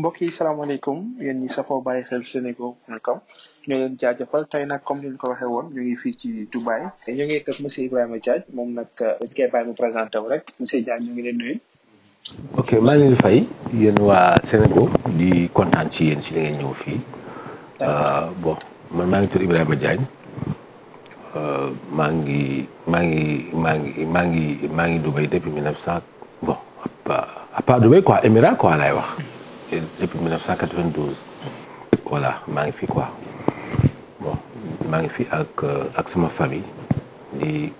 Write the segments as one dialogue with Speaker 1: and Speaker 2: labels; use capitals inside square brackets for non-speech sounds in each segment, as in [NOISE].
Speaker 1: mbokk yi salaamaaleykum yéen ñi safoo bàyyi xel senego.com ñoo leen jaajëfal tey nag comme ni ñu ko waxee woon ñu ngi fii ci Dubaï ñu ngi ak monsieur Ibrahima Diagne moom nag euh, dañ koy bàyyi mu présenté rek monsieur Diagne ñu ngi leen nuyu.
Speaker 2: maa ngi
Speaker 3: leen fay yéen waa Sénégal di kontaan ci yéen ci li ngeen ñëw fii. Euh, bon man maa ngi tudd Ibrahima Diagne euh, maa ngi maa ngi maa ngi maa ngi maa ngi Dubaï depuis mille neuf cent bon à part Dubaï quoi émirat quoi laay wax. depuis 1992. voilà maa ngi fi quoi bon maa ngi fi ak euh, ak sama famille di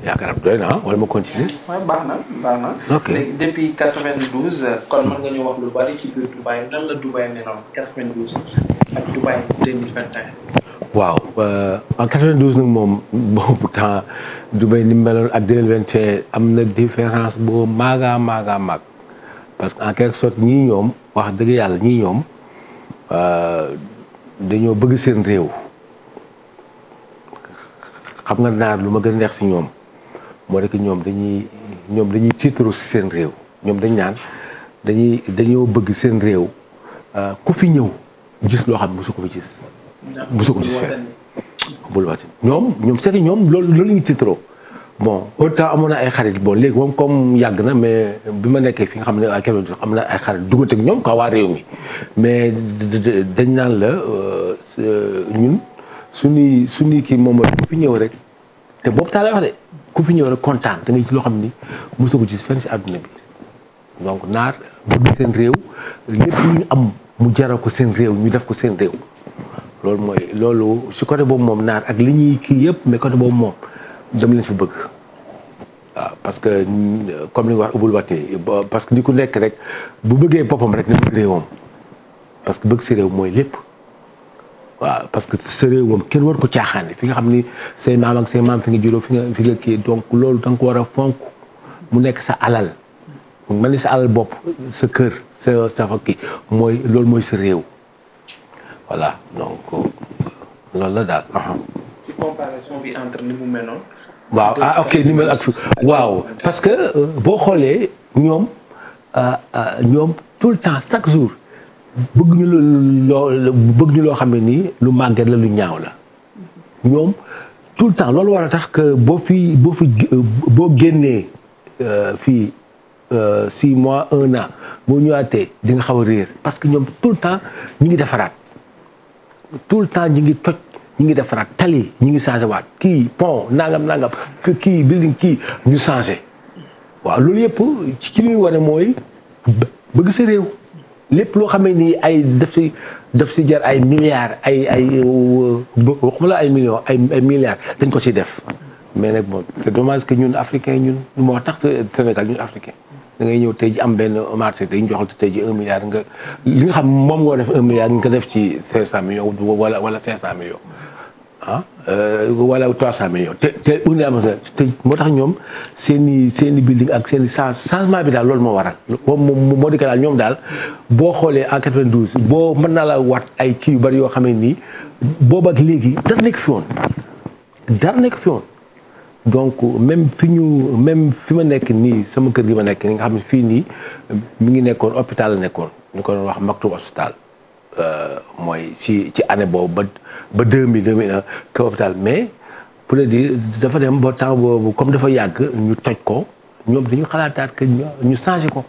Speaker 3: yaakaar doy na ah, wala ma continuer.
Speaker 1: waaw baax na baax na. ok léegi depuis 92. kon mën nga ñu wax lu bari ci biir Dubaï nan la Dubaï meloon 92 ak Dubaï 2021.
Speaker 3: waaw euh, en 92 nag moom boobu temps Dubaï ni meloon ak 2021 am na différence boo maaga maaga maag parce que en quelque sorte ñii ñoom wax dëgg yàlla ñii ñoom euh, dañoo bëgg seen réew xam nga naar lu ma gën a neex si ñoom moo nekk ñoom dañuy ñoom dañuy tiitaroo si seen réew ñoom dañ naan dañuy dañoo bëgg seen réew euh, ku fi ñëw gis loo xam ne mosu ko fi gis
Speaker 2: mosu ko gis fenn
Speaker 3: ñoom ñoom c'est que ñoom loolu loolu ñu tiitaroo bon autant amoon na ay xarit bon léegi moom comme yàgg na mais bi ma nekkee fi nga xam ne ay kebe am na ay xarit duggante ak ñoom quoi waa réew mi mais dañ naan la euh, ñun suñuy suñuy kii moom ku fi ñëw rek te boobu taa a wax de ku fi ñëw rek kontaan da ngay gis loo xam ni mosoo ko gis fen si àdduna bi donc naar bëgg seen réew lépp ñu am mu jaral ko seen réew ñu def ko seen réew loolu mooy loolu si côté boobu moom naar ak li ñuy kii yëpp mais côté boobu moom dem lañ fa bëgg waaw parce que comme ni nga wax ubul wattee parce que ni ku nekk rek bu bëggee boppam rek na bëgg réewam parce que bëgg si réew mooy lépp waaw parce que sa réew moom kenn war ko caaxaane fi nga xam ni say maam ak say maam fi juróo fi nga fi nga kii loolu da war a fonk mu nekk sa alal mu mel sa alal bopp sa kër sa sa fa kii mooy loolu mooy sa réew voilà donc loolu la daal.
Speaker 1: ci comparaison bi entre ni mu mel
Speaker 3: waaw ah ok ni mel ak fi waaw parce que euh, boo xoolee ñoom euh, euh, ñoom tout le temps chaque jour bëgg ñu loo bëgg ñu loo xam ne nii lu màgget la lu ñaaw la ñoom tout le temps loolu war a tax que boo fi boo fi boo génnee fii six mois un an boo ñëwaatee di nga xaw a réer parce que ñoom tout le temps ñu ngi defaraat tout le temps ñi ngi toj ñu ngi def defaraat tali ñu ngi changé waat kii pont nangam nangam kii building kii ñu changé waaw loolu yëpp ci li muy wane mooy bëgg sa réew lépp loo xamee ni ay def si def si jar ay milliards ay ay euh, waxuma la ay millions ay ay dañ ko si def mais nag bon c'est dommage que ñun africain ñun moo tax Sénégal ñu africain da ngay ñëw tey ji am benn marché dañ joxal te tey ji un milliard nga li nga xam moom ngoo def un milliard nga def ci cinq cent millions wala wala cinq cent millions ah euh, wala 300 millions te te moo tax ñoom seen i seen i building ak seen i changement bi daal loolu moo waral moom moo di daal ñoom daal boo xoolee en 92 boo mën naa la wat ay kii yu bari yoo xam ne nii boobu ak léegi dara nekk fi woon dara nekk fi woon donc même fi ñu même fi ma nekk nii sama kër gi ma nekk nii nga xam ne fii nii mu ngi nekkoon hôpital la nekkoon ñu ko doon wax Maktoum Hospital Euh, mooy ci ci année boobu ba ba deux mille deux mille un mais pour le dire dafa dem ba temps boobu comme dafa yàgg ñu toj ko ñoom dañu xalaataat que ñu changé ko.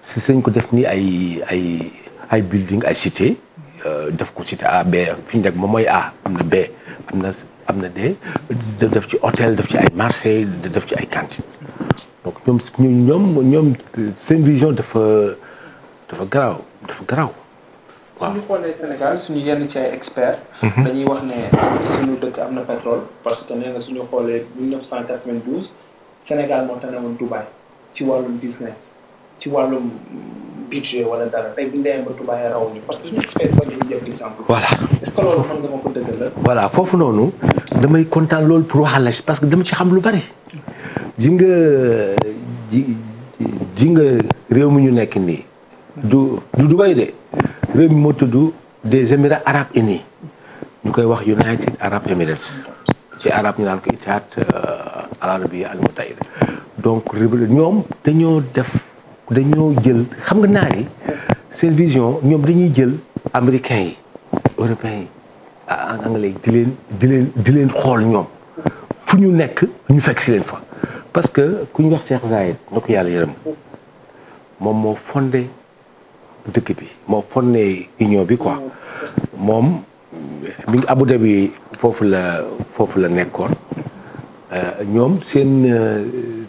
Speaker 3: si sëñ ko def nii ay ay ay building ay cité euh, def ko cité A B fi ñu nekk moom mooy A am na B am na am na D def ci hôtel def ci ay marché def ci ay cantine donc ñoom ñoom ñoom seen vision dafa dafa garaaw dafa garaaw.
Speaker 1: waaw suñu xoolee Sénégal suñu yenn ci ay mhm. wax ne suñu dëkk am na pétrole parce que nee na suñu xoolee 1992 Sénégal moo tane woon Dubaï ci wàllum business ci wàllum budget wala dara tey bu ñu ba Dubaï raw ñu parce que suñu experts yi dañuy jël exemple. voilà est-ce loolu nga ma ko dëggal
Speaker 3: voilà foofu noonu damay kontaan loolu pour waxal la parce que dama ci xam lu bari. ji nga ji ji réew mi ñu nekk nii. du du Dubaï de. réew moo tudd des émirats arabes unis ñu koy wax United Arab Emirates ci arab ñu naan ko Itaat euh, al Arabia al Mutaahida donc ñoom dañoo def dañoo jël xam nga naar yi seen vision ñoom dañuy jël américains yi européens yi ah, anglais yi di leen di leen xool ñoom fu ñu nekk ñu fekk si leen fa parce que ku ñu wax Cheikh Zayed na ko yàlla yërëm moom moo fonde dëkk bi moo fondé union bi quoi moom mi ngi Abu Dhabi foofu la foofu la nekkoon euh, ñoom seen euh,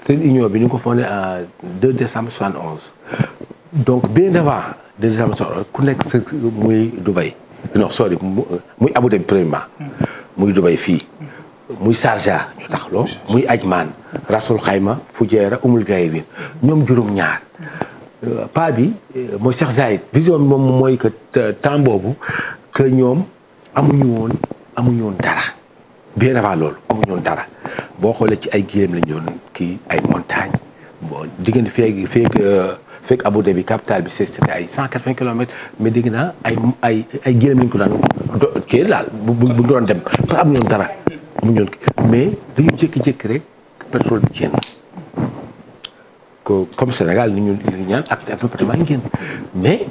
Speaker 3: seen union bi ñu ngi ko fondé en 2 décembre 71 donc bien avant 2 décembre 71 ku nekk sa muy Dubaï non sorry muy Abu Dhabi premièrement muy dubay fii muy Sharjah ñu tax loo muy Ajman Rasul Xayma Fujairah Umul Gayewin ñoom juróom-ñaar. Euh, paa bi euh, mooy Cheikh Zayed vision moom mooy que euh, temps boobu que ñoom amuñu woon amuñu woon dara bien avant loolu amuñu woon dara boo xoolee ci ay gileem lañu doon kii ay montagne bon diggante feeg feeg feeg Abu Dhabi capitale bi c'était ay cent quatre-vingts kilomètres mais dégg naa ay ay ay ko daan kii laal bu bu doon dem parce que amuñu dara amuñu woon mais dañu jékki-jékki rek pétrole bi génn. comme Sénégal ni ñu li ñaan ak ak département ñu génn mais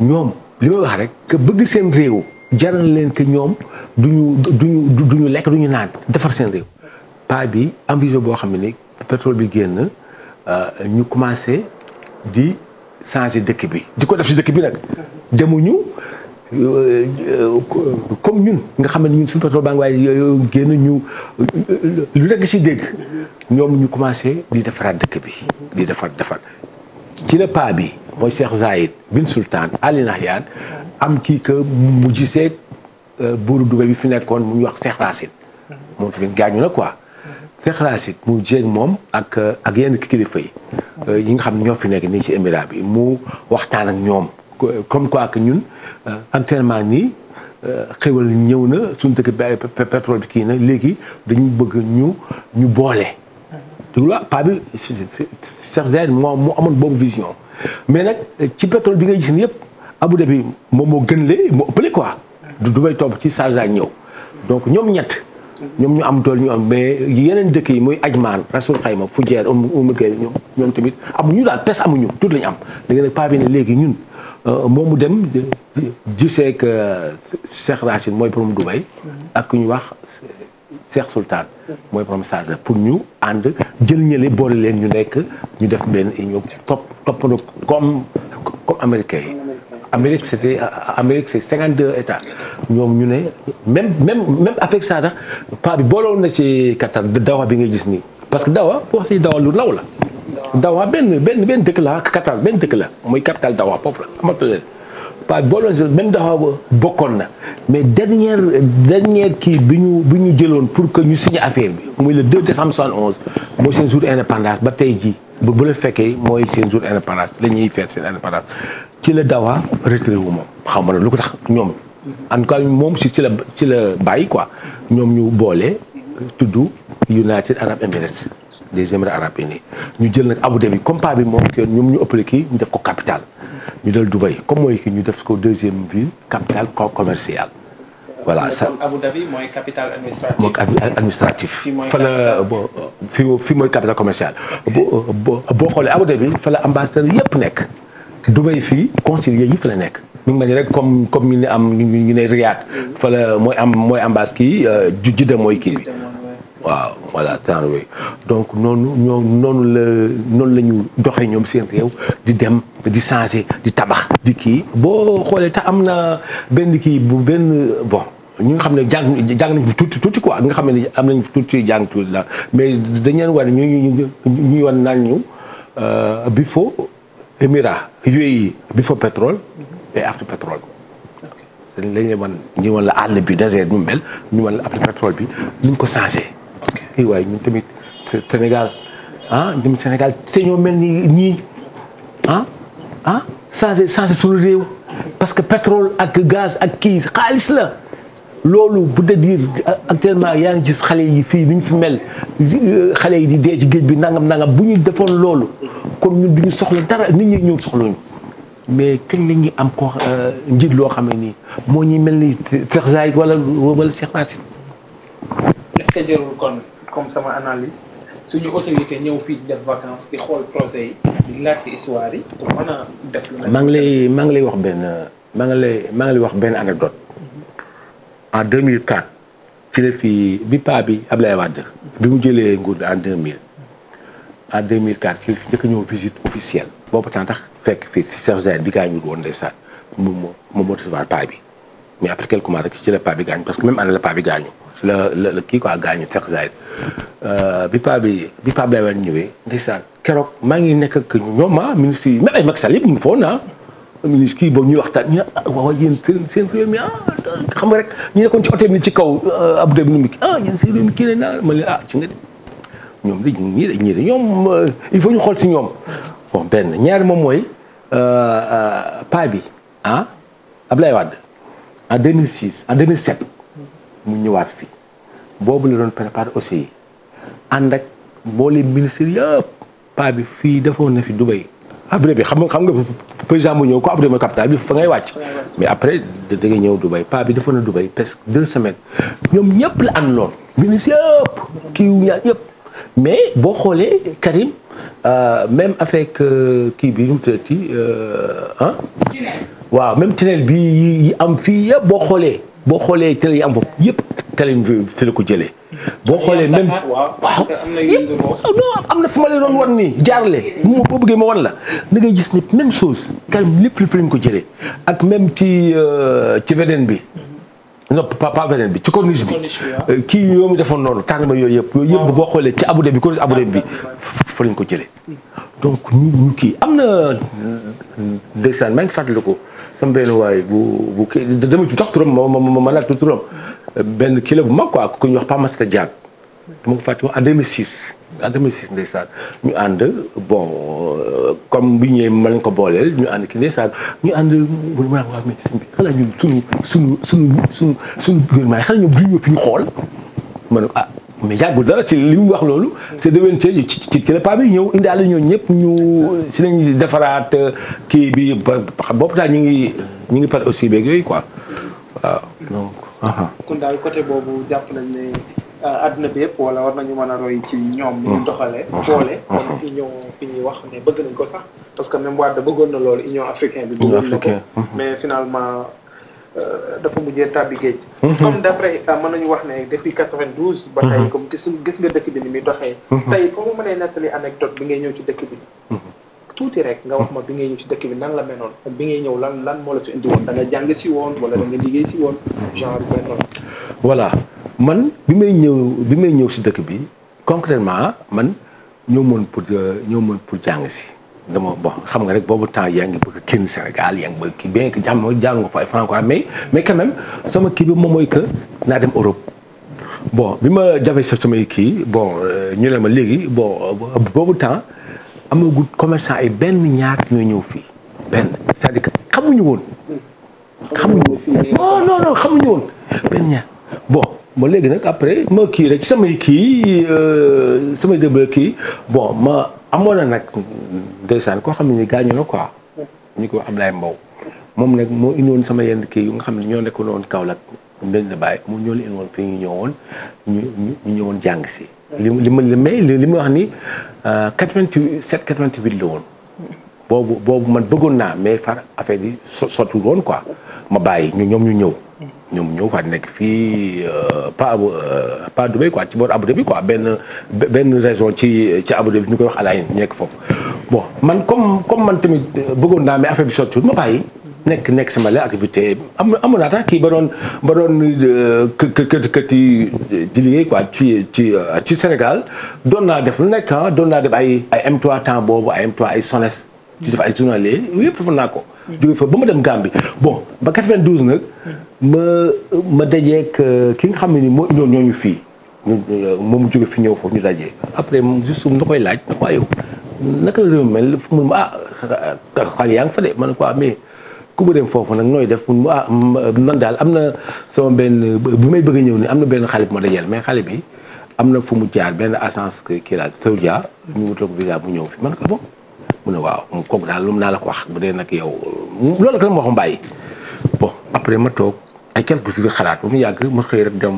Speaker 3: ñoom li may wax rek que bëgg seen réew jaral leen que ñoom du duñu du ñu lekk duñu naan defar seen réew pa bi am boo xam ne ni pétrole bi génn euh, ñu commencé di changer dëkk bi di ko def si dëkk bi nag demuñu Euh, euh, euh, comme ñun nga xam ne ñun suñu pétrole baa ngi waaye génn ñu lu nekk si dégg ñoom ñu commencé di defaraat dëkk bi di defar defar ci la paa bi mooy Cheikh Zayed bin Sultan Ali Nahyan am kii que mu gisee buuru Dubaï bi fi nekkoon mu ñuy wax Cheikh Racine moom na quoi Cheikh mu jéeg moom ak ak yenn kilifa yi yi nga xam ne ñoo fi nekk nii ci émirat bi mu waxtaan ak ñoom comme quoi que ñun euh, actuellement nii euh, xéwal ñëw na suñ dëkk bi pétrole bi kii na léegi dañu bëgg ñu ñu boole. dégg la paa bi Cheikh Zayed moo moo amoon bonne vision mais nag ci pétrole bi ngay gis ni yëpp Abu bi moom moo gën lee moo ëppale quoi. du Dubaï topp ci Sharjah ñëw. donc ñoom ñett. ñoom ñu am tool ñu am mais yeneen dëkk yi muy Ajman Rasul Xayma Fujair Umul Kay ñoom ñoom tamit amuñu daal pes amuñu tuuti lañu am léegi nag paa bi léegi ñun. Euh, moomu dem gisee que euh, Cheikh Rachid mooy borom Dubaï mm-hmm. ak ku ñu wax Cheikh Sultan mooy borom Sharjah pour ñu ànd jël ñële boole leen ñu nekk ñu def benn union topp toppandoo comme comme américains yi Amérique c'était Amérique c'est cinquante deux états ñoom ñu ne même même même avec ça tax pa bi booloon na ci Qatar dawa bi ngay gis nii parce que Dawa boo si Dawa lu law la. Dawa benn benn benn dëkk la Qatar benn dëkk la mooy capitale Dawa foofu la amatul leen. pas booloon même Dawa bokkoon na mais dernière dernière kii bi ñu bi ñu jëloon pour que ñu signé affaire bi muy le 2 décembre 71 mooy seen jour indépendance ba tey jii bu bu la fekkee mooy seen jour indépendance la ñuy feet seen indépendance ci la Dawa retiré wu moom xam nga lu ko tax ñoom. en tout moom si ci la ci la bàyyi quoi ñoom ñu boole. tudd United Arab Emirates des Émirats arabes unis ñu jël nag Abu Dhabi comme pas bi moom kenn ñoom ñu ëppale kii ñu def ko capitale ñu dal Dubaï comme mooy kii ñu def ko deuxième ville capitale commerciale. voilà ça
Speaker 1: Abu Dhabi mooy capitale administrative mooy
Speaker 3: administratif. fa la fi euh, fii fii mooy capitale commerciale. boo euh, boo xoolee Abu Dhabi fa la ambassadeur yëpp nekk. Dubaï fii conseiller yi fa la nekk. mi ngi rek comme comme ñu ne am ñu ne Riyad fa mooy am mooy ambaas kii euh, ju jidda mooy kii waaw voilà genre yooyu donc noonu ñoo noonu la noonu la ñu doxee ñoom seen réew di dem di changer di tabax di kii boo xoolee te am na benn kii bu benn bon ñu nga xam ne jàng jàng nañ fi tuuti tuuti quoi nga xam ne am nañ fi tuuti jàng tuuti la mais dañ leen war ñu ñu ñu wan naan ñu euh, bi fo émirat yooyu e, bi fo pétrole day afri pétrole bi. ok dañ la man ñi woon la àll bi désert mu mel ñu woon la afri pétrole bi ñu ko changé. ok eh waaye ñun tamit Sénégal ah ñun Sénégal te ñoo mel ni ñii ah ah changé changé suñu réew. parce que pétrole ak gaz ak kii xaalis la. loolu bu dee diir actuellement yaa ngi gis xale yi fii ni ñu fi mel xale yi di dee ci géej bi nangam nangam bu ñu defoon loolu kon ñun du ñu soxla dara nit ñi ñëw soxla ñu mais kañ la ñuy am ko euh, njiit loo xam ni moo ñuy mel ni Cheikh Zayed wala wala Cheikh Racine.
Speaker 1: est jarul kon comme sama analyse suñu autorité ñëw fii di def di xool projet yi di laajte histoire yi
Speaker 3: ngi lay wax benn maa ngi lay maa ngi lay wax benn anecdote mhm. en 2004 ci la fi bi paa bi Ablaye Wade bi mu jëlee nguur en 2000 en 2004 ci la fi njëkk a ñëw visite officielle. boobu temps tax fekk fii si Cheikh Zayed bi gaañul woon ndeysaan moom moo mu moo recevoir paa bi mais après quelques mois rek ci la paa bi gaañu parce que même année la paa bi gaañu la la la kii quoi gaañu Cheikh euh, Zayed bi paa bi bi paa bi lay wan ñëwee ndeysaan keroog maa ngi nekk ak ñoom ah ministre yi même ay Macky Sall yëpp ñu ngi foon ah. ministre kii boobu ñuy waxtaan ñu ah waaw yéen seen mi ah, xam nga rek ñu nekkoon ci oto bi ci kaw euh, Abdou Diouf mi ah yéen seen réew mi kii ne naa ma leen ah ci nga ñoom de ñii de ñii de ñoom euh, il faut ñu xool si ñoom bon benn ñaari moom mooy euh, euh, pa bi ah Abdoulaye Wade en 2006 en 2007 mu ñëwaat fii boobu la doon préparé aussi ànd ak mboolem ministre yëpp pa bi fii defoon na fi Dubaï. abré bi xam nga xam nga ñëw ko abré ma capital bi fa ngay wàcc. mais après da ngay ñëw Dubaï pa bi defoon na Dubaï presque deux semaines ñoom ñëpp la ànd loon ministre yëpp kii wu ñaar ñëpp. mais boo xoolee Karim euh, même avec euh, kii bi ñu tëddi euh, waaw même tunnel bi yi am fii yëpp boo xoolee. boo xoolee tunnel yi am foofu yëpp Karim fi la ko jëlee. boo xoolee même
Speaker 2: waaw yëpp oh,
Speaker 3: non am na fu ma la doon wan nii jaarale. boo bëggee ma wan la da ngay gis ne même chose Karim lépp fi la ko jëlee ak même ci ci beneen bi. non pas beneen bi ci corniche bi ah. euh, kii yoo mu defoon noonu tànn ma yooyu yëpp yooyu yëpp boo xoolee ci Abu Dhabi corniche Abu Dhabi bi fa lañ ko jëlee donc ñu ñu kii am na euh, ndeysaan maa ngi ko sama benn waay bu bu kii dama ci tax turam ma ma laaj turam euh, benn kii la bu mag quoi ku ñuy wax Pamasta Diagne dama ko fàttali en 2006 en 2006 ndeysaan ñu ànd bon comme bi ñëwee ma leen ko booleel ñu ànd ki ndeysaan ñu ànd mu ma waa mais sëñ bi xanaa ñun suñu suñu suñu suñu suñu gouvernement yi xanaa ñoom duñu fi ñu xool ma ne ah mais yàggul dara si li mu wax loolu c'est devenu ci ci ci la paa bi ñoo ñëpp ñu si lañu defaraat kii bi ba bopp daal ñu ngi ñu ngi pare aussi beeg yooyu quoi waaw donc.
Speaker 1: kon daal côté boobu jàpp nañ àdduna bi yëpp wala war nañu mën a roy ci ñoom ñu mm. doxalee mm-hmm. boole comme mm-hmm. union bi ñuy wax ne bëgg nañ ko sax parce que même waa bëggoon na loolu union africaine bi bëggoon na ko mm-hmm. mais finalement euh, dafa mujjee tàbbi géej comme d'après euh, mën nañu wax ne depuis quatre-vingt-douze ba tey comme gis gis nga dëkk bi ni muy doxee tey foo ma a nettali anecdote bi ngay ñëw ci dëkk bi tuuti rek nga wax ma bi ngay ñëw ci dëkk bi nan la menoon bi ngay ñëw lan lan moo la fi indi woon da jàng si woon wala da nga liggéey si woon genre benn
Speaker 3: voilà man bi may ñëw bi ñëw si dëkk bi concretement man ñoo moon pour euh, ñoo moon pour jàng si dama bon xam nga rek boobu temps yaa ngi bëgg a génn Sénégal yaa ngi bëgg kii bien que jàmm jàng nga fa mais mais quand sama kii bi moom mooy que naa dem Europe. bon bi ma jafe sa samay kii bon euh, ñu ne ma léegi bon euh, boobu temps amagu commerçant ay benn ñaar ñoo ñëw fii benn c'est-à-dire que xamuñu woon. xamuñu woon non non woon ma léegi nag après ma kii rek samay kii euh, samay déglu kii bon ma amoon na nag ndeysaan koo xam ne ni gaañu na quoi. ñu ko Ablaye Mbow. moom nag moo indiwoon sama yenn kii yu nga xam ne ñoo nekkoon woon Kaolack dañ la bàyyi moom ñoo la indiwoon fi ñu ñëwoon ñu ñëwoon jàng si. li li ma li may li ma wax ni 87 euh, 88 la woon. boobu boobu man bëggoon naa mais far affaire yi so sotti woon quoi ma bàyyi ñu ñoom ñu ñëw. ñoom ñoo fa nekk fii euh, pas euh, pas Dubaï quoi ci boor Abu Dhabi quoi benn benn région ci ci Abu Dhabi ñu ko wax Al Ain nekk foofu. bon man comme comme man tamit euh, bëggoon naa mais affaire bi sottiwul ma bàyyi. nekk nekk sama la activité am amoon naa tax kii ba doon ba doon kë kë ci di liggéey quoi ci ci ci Sénégal doon naa def lu nekk ah doon naa def ay ay M3 temps boobu ay M3 ay SONES. di def ay journalier yëpp naa ko. jóge fa ba ma dem bi bon ba 92 nag ma ma dajeek euh, ki nga xam ne ni moo ñoo ñooñu fii euh, moom jóge fi ñëw foofu ñu dajee après juste na koy laaj na ko ah, yow naka la réew mel fu mun ma ah xal yaa ngi de ah, mais ku ma dem foofu nag nooy def mun mu ah man daal am na sama benn bu may bëgg ñëw ni am na benn xale bu ma dajeel mais xale bi am na fu mu jaar benn agence kii laa Saudia ñu wutal ko visa mu ñëw fi man ko bon mu ne waaw kooku daal lu mu naa la ko wax bu dee nag yow loolu la ma wax mu bàyyi bo après ma toog ay quelques jours xalaat ba mu yàgg ma xëy rek dem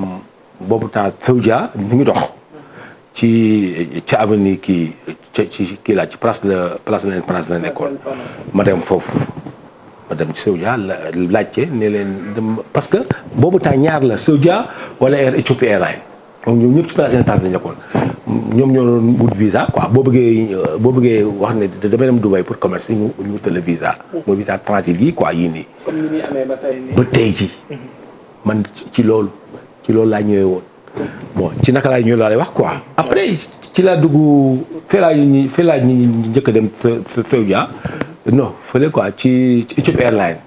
Speaker 3: boobu temps Sawja ñu ngi dox ci ca ki kii ci kii laa ci place la place la place la nekkoon ma dem foofu ma dem ci Sawja laajte ne leen dem parce que boobu temps ñaar la Sawja wala Air Ethiopia Airlines ñoom ñëpp ci place la place la nekkoon ñoom ñoo doon wut visa quoi boo bëggee euh, boo bëggee wax ne damay dem Dubaï pour commerce ñu ñu wutal la visa. Mm. mooy visa transit yi quoi yii nii.
Speaker 1: ni muy amee ba tey nii. ba tey
Speaker 3: mm-hmm. man ci loolu ci loolu laa ñëwee woon. bon ci naka laay ñu laa lay wax quoi. après ci laa dugg fee laa ñuy fee laa ñuy njëkk a dem sa sa Saudia non fële quoi ci ci Ethiopia Airlines.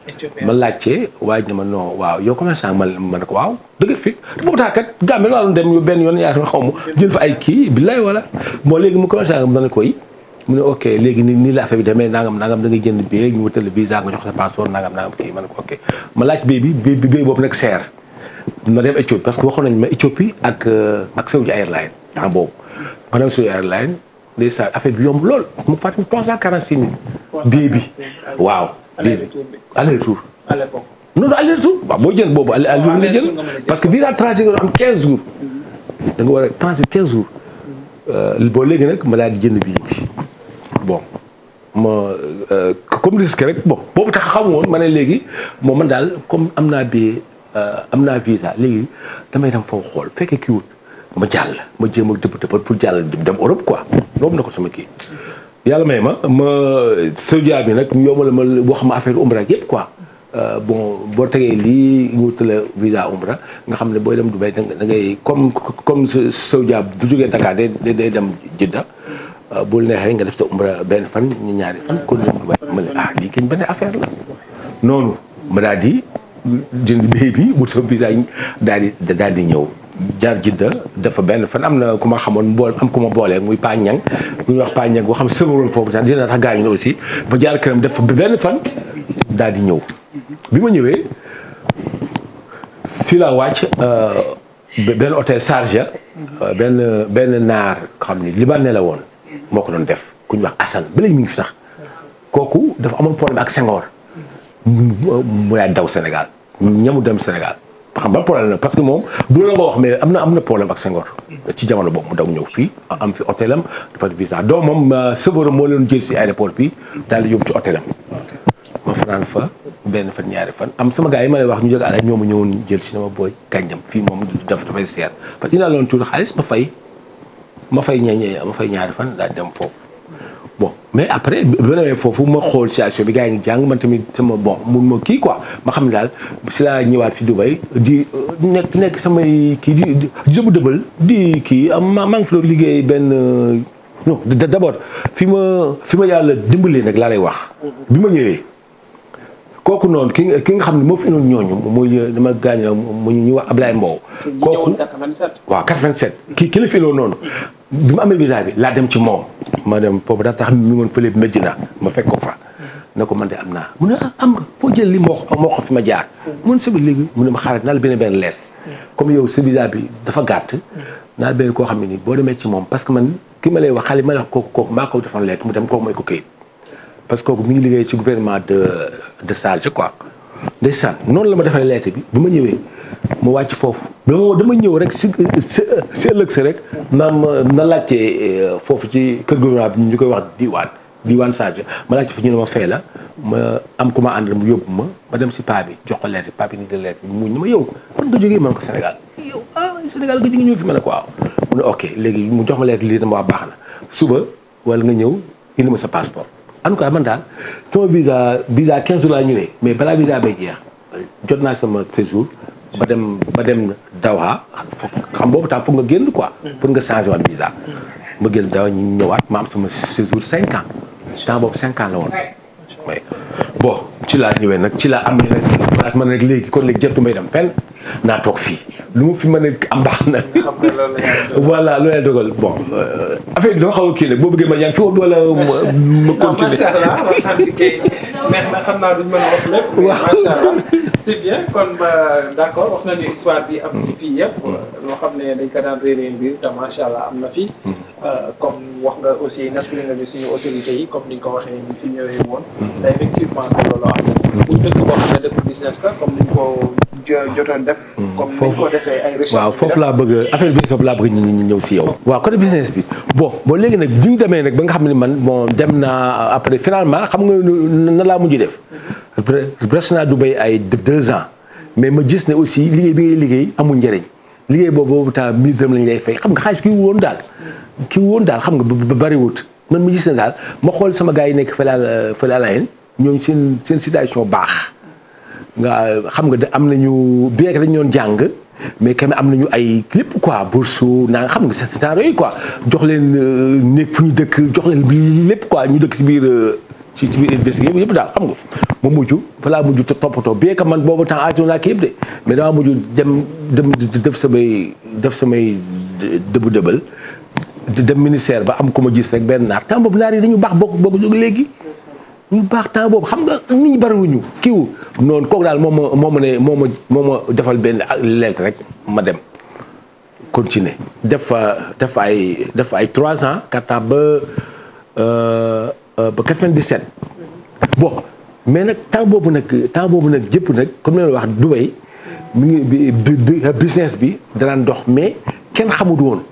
Speaker 3: ma laajte waaye dama non waaw yow commerçant ma ma ne ko waaw dëgg fi te boobu taa kat Gambie laa doon dem benn yoon yaa xaw ma jël fa ay kii billaay wala bon léegi mu commerçant ma ne koy mu ne ok léegi ni nii la affaire bi demee nangam nangam da ngay jënd billet ñu wutal visa nga jox sa passeport nangam nangam kii ma ne ko ok ma laaj billet bi billet na dem Éthiopie parce que waxoon nañ ma Éthiopie ak euh, ak Saudi Airlines temps boobu ma dem Saudi Airlines ndeysaan affaire bi yomb lool mu fàttali trois cent quarante six
Speaker 1: waaw bi
Speaker 3: aller retour non non aller retour waaw boo jël boobu aller retour nga jël parce que visa transit nga am quinze jours da nga war a transit quinze jours euh, boo léegi nag ma daal di jënd billet bi bon euh, comme risque rek bon boobu tax xam woon ma ne léegi moom man daal comme am naa billet Euh, am na visa léegi damay dem foofu xool fekkee kii wut ma jàll ma jéem a dëpp dëppal pour jàll dem Europe quoi loolu na ko sama kii. yàlla may ma ma sëriñ bi nag yombal ma wax ma affaire umra yëpp quoi euh, bon boo tegee lii ñu wutale visa nga xam ne booy dem Dubaï da ngay comme comme sëriñ bu jógee Dakar day dem Jidda euh, bu neexee nga def sa umra benn fan ñu ñaari ah, noonu ma daal di jënd [LAUGHS] béy bi wut sama visa daal di daal di ñëw jaar jidda dafa benn fan am na ku ma xamoon mbool am ku ma boolee muy Pa Ñang bu ñuy wax Pa Ñang boo xam foofu sax dina tax gaañu na aussi ba jaar këram def benn fan daal di ñëw bi ma ñëwee fii laa wàcc euh, benn hôtel Sarja euh, benn benn naar xam ni ne la woon moo ko doon def ku ñu wax Assane ba léegi mi ngi fi tax kooku dafa amoon problème ak sengoor mu laay daw Sénégal ñamu dem Sénégal xam ba problème la parce que moom du la nga wax mais am na am na problème ak Senghor ci jamono boobu mu daw ñëw fii am fi hôtel am dafa visa donc moom euh, Senghor moo leen jël si aéroport bi daal di yóbbu ci hôtel am ma fanaan fa benn fan ñaari fan am sama gars yi ma lay wax ñu jóg àll ñoo ma ñëwoon jël si na ma booy gànjam fii moom daf dafay seer parce que ina loon tuuti xaalis ma fay ma fay ñee ma fay ñaari fan daal dem foofu mais après bu demee foofu ma xool situation bi gars yi ngi jàng man tamit sama bon mun ma kii quoi ma xam ne daal si laa ñëwaat fi Dubaï di euh, nekk nekk samay kii di di dëbb dëbbal di kii ma maa ngi fi doon liggéey benn euh, non d'abord fi ma fi ma yàlla dimbalee nag laa lay wax mm-hmm. bi ma ñëwee. kooku noonu ki ki nga xam ne moo fi indoon ñooñu muy euh, dama gaañ euh, mu ñu wax Ablaye Mbow. kooku waaw 87. kii ki la fi indoon noonu. bi mu amee visa bi laa dem ci moom. ma dem foofu daa tax mi ngi woon fële ma fekk ko fa. ne ko man am naa mu ne ah, am nga foo jël li moo moo ko fi ma jaar. mun sëbi léegi mu ne ma xaaral naa la benn benn leet. comme yow sa visa bi dafa gàtt. naa benn koo xam ne nii boo demee ci moom parce que man ki ma lay wax xale ma la wax kooku kooku maa ko defoon leet mu dem kooku mooy ko këyit. parce que kooku mi ngi liggéey ci gouvernement de de charge quoi. ndeysaan noonu la ma defalee lettre bi bi ma ñëwee ma wàcc foofu dama dama ñëw rek si si ëllëg si rek ma na laajte euh, foofu ci kër gouvernement bi ñu koy wax diwaan diwaan charge ma laajte fi ñu ne ma fay la ma am ku ma àndal mu yóbbu ma ma dem si paa bi jox ko lettre paa bi ni de lettre bi mu ñu ma yow fan nga jógee man ko Sénégal yow ah Sénégal nga jógee ñëw fi ma ne ko waaw mu ne ok léegi mu jox ma lettre lii dama wax baax na suba wala nga ñëw indi ma sa passeport en tout cas man daal sama visa visa 15 jours laa ñëwee mais balaa visa bay jeex jot naa sama séjour ba dem ba dem Doha xam boobu temps foog nga génn quoi. pour nga changer waat visa. ma génn Doha ñu ñëwaat ma am sama séjour 5 ans. temps boobu 5 ans la woon. oui bon ci laa ñëwee nag ci laa am rek man léegi kon léegi jëntu may dem fenn. naa toog fii lu mu fi mën a am baax na. voilà loolu la dogal bon euh, affaire bi dafa xaw a kii la boo bëggee ma yaa ngi fi wala ma continuer. macha
Speaker 1: allah ma xam naa duñ mën a wax lépp. macha allah c'est bien kon ba d'accord wax nañu histoire bi am ci fii yëpp. loo xam ne dañ ko daan réeré mbir te macha allah am na fi. Hmm. Euh, comme wax nga aussi nattali nga ñu suñu autorités yi comme ni ñu ko waxee ñu fi ñëwee woon. te hmm. effectivement loolu am hmm. na. bu dëkk boo xam ne dëkk business la comme ni ñu ko. jotoon def. Mm. comme
Speaker 2: waaw foofu
Speaker 3: laa bëgg affaire business boobu laa bëgg ñu ñu ñëw si yow. waaw côté business bi boo bon léegi nag bi ñu demee nag ba nga xam ne man bon dem naa après finalement xam nga na laa mujj def. après naa du bay ay deux ans. mais ma gis ne aussi liggéey bi ngay liggéey amul njëriñ liggéey boobu boobu temps mille dem lañ lay fay xam nga xaalis ki woon daal. ki woon daal xam nga ba bariwut man ma gis ne daal ma xool sama gars yi nekk fële à fële à seen seen situation baax. nga xam nga de am nañu bien que dañu doon jàng mais quand même am nañu ay lépp quoi bourse naa xam nga c'est genre yooyu quoi jox leen euh, néeg fu ñu dëkk jox leen lépp quoi ñu dëkk si biir euh, ci ci biir université yëpp daal xam nga ma mujj fa laa mujj toppatoo bien que man boobu temps aajoon naa kii yëpp de mais damaa mujj dem dem def samay def samay dëbu dëbal dem ministère ba am ko ma gis rek benn naar temps boobu naar yi dañu baax bokk bokk jóg léegi ñu baax temps boobu xam nga nit ñi bariwuñu kiiwu noonu kooku daal moom ma moo ma ne moo ma moo defal benn lent rek ma dem continuer def fa def ay def ay trois ans quatre ans ba euh, euh, ba quatre-vingt-dix-sept bon mais nag temps boobu nag temps bu nag jëpp nag comme na wax Dubaï mu ngi business bi danaan dox mais kenn xamut woon